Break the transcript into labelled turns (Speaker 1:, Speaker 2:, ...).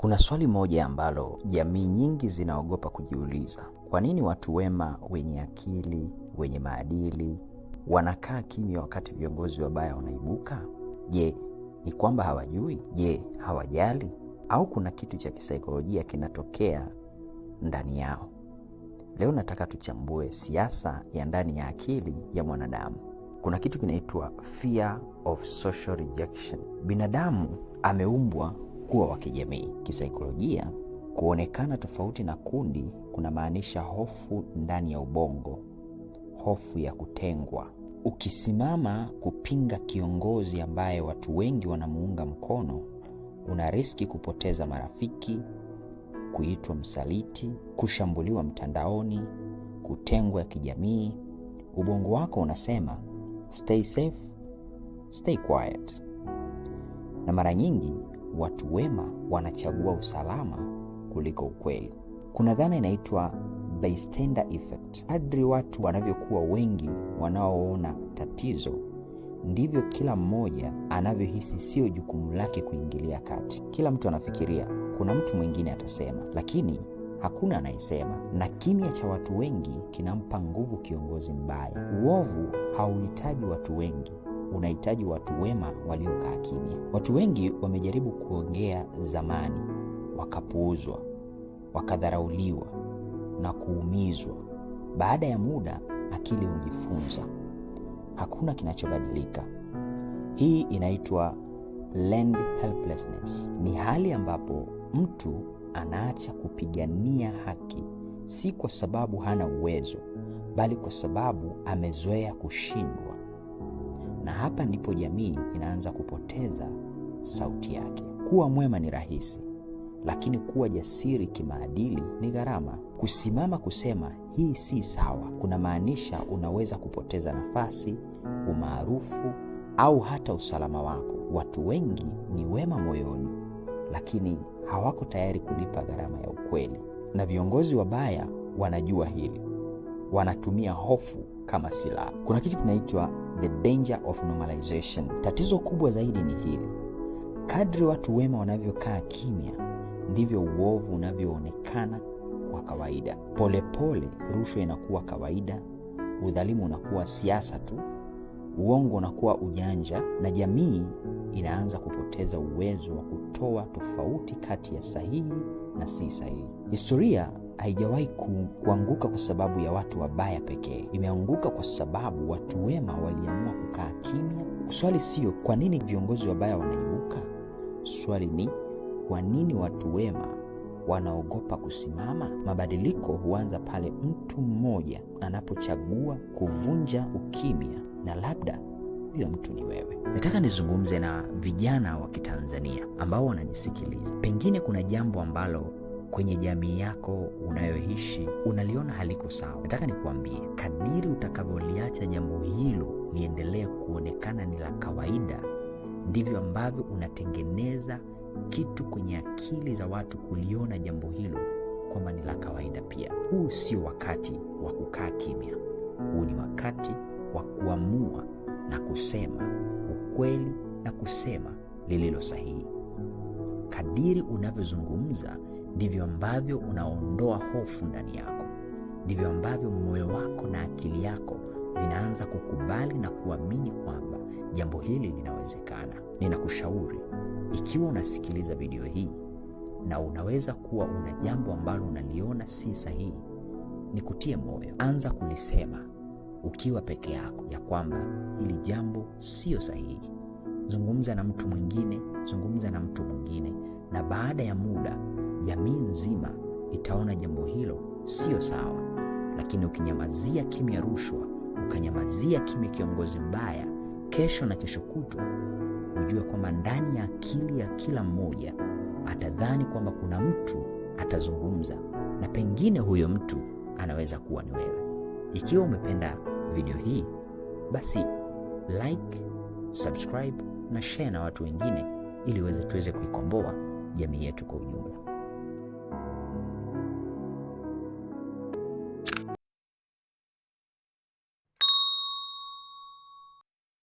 Speaker 1: Kuna swali moja ambalo jamii nyingi zinaogopa kujiuliza. Kwa nini watu wema, wenye akili, wenye maadili wanakaa kimya wakati viongozi wabaya wanaibuka? Je, ni kwamba hawajui? Je, hawajali? Au kuna kitu cha kisaikolojia kinatokea ndani yao? Leo nataka tuchambue siasa ya ndani ya akili ya mwanadamu. Kuna kitu kinaitwa fear of social rejection. Binadamu ameumbwa kukua wa kijamii. Kisaikolojia, kuonekana tofauti na kundi kunamaanisha hofu ndani ya ubongo, hofu ya kutengwa. Ukisimama kupinga kiongozi ambaye watu wengi wanamuunga mkono, una riski kupoteza marafiki, kuitwa msaliti, kushambuliwa mtandaoni, kutengwa kijamii. Ubongo wako unasema stay safe, stay quiet, na mara nyingi watu wema wanachagua usalama kuliko ukweli. Kuna dhana inaitwa bystander effect. Kadri watu wanavyokuwa wengi wanaoona tatizo, ndivyo kila mmoja anavyohisi sio jukumu lake kuingilia kati. Kila mtu anafikiria kuna mtu mwingine atasema, lakini hakuna anayesema, na kimya cha watu wengi kinampa nguvu kiongozi mbaya. Uovu hauhitaji watu wengi unahitaji watu wema waliokaa kimya. Watu wengi wamejaribu kuongea zamani, wakapuuzwa, wakadharauliwa na kuumizwa. Baada ya muda, akili hujifunza, hakuna kinachobadilika. Hii inaitwa helplessness. Ni hali ambapo mtu anaacha kupigania haki, si kwa sababu hana uwezo, bali kwa sababu amezoea kushindwa na hapa ndipo jamii inaanza kupoteza sauti yake. Kuwa mwema ni rahisi, lakini kuwa jasiri kimaadili ni gharama. Kusimama kusema hii si sawa kunamaanisha unaweza kupoteza nafasi, umaarufu au hata usalama wako. Watu wengi ni wema moyoni, lakini hawako tayari kulipa gharama ya ukweli, na viongozi wabaya wanajua hili, wanatumia hofu kama silaha. Kuna kitu kinaitwa the danger of normalization. Tatizo kubwa zaidi ni hili: kadri watu wema wanavyokaa kimya, ndivyo uovu unavyoonekana kwa kawaida. Polepole rushwa inakuwa kawaida, udhalimu unakuwa siasa tu, uongo unakuwa ujanja, na jamii inaanza kupoteza uwezo wa kutoa tofauti kati ya sahihi na si sahihi. Historia haijawahi kuanguka kwa sababu ya watu wabaya pekee. Imeanguka kwa sababu watu wema waliamua kukaa kimya. Swali sio kwa nini viongozi wabaya wanaibuka, swali ni kwa nini watu wema wanaogopa kusimama. Mabadiliko huanza pale mtu mmoja anapochagua kuvunja ukimya, na labda huyo mtu ni wewe. Nataka nizungumze na vijana wa Kitanzania ambao wananisikiliza. Pengine kuna jambo ambalo kwenye jamii yako unayoishi unaliona haliko sawa, nataka nikuambie, kadiri utakavyoliacha jambo hilo liendelee kuonekana ni la kawaida, ndivyo ambavyo unatengeneza kitu kwenye akili za watu kuliona jambo hilo kwamba ni la kawaida pia. Huu sio wakati wa kukaa kimya, huu ni wakati wa kuamua na kusema ukweli na kusema lililo sahihi kadiri unavyozungumza ndivyo ambavyo unaondoa hofu ndani yako, ndivyo ambavyo moyo wako na akili yako vinaanza kukubali na kuamini kwamba jambo hili linawezekana. Ninakushauri, ikiwa unasikiliza video hii na unaweza kuwa una jambo ambalo unaliona si sahihi, ni kutie moyo, anza kulisema ukiwa peke yako, ya kwamba hili jambo siyo sahihi zungumza na mtu mwingine, zungumza na mtu mwingine, na baada ya muda jamii nzima itaona jambo hilo sio sawa. Lakini ukinyamazia kimya rushwa, ukanyamazia kimya kiongozi mbaya, kesho na kesho kutwa, hujue kwamba ndani ya akili ya kila mmoja atadhani kwamba kuna mtu atazungumza, na pengine huyo mtu anaweza kuwa ni wewe. Ikiwa umependa video hii, basi like, subscribe na share na watu wengine ili tuweze kuikomboa jamii yetu kwa ujumla.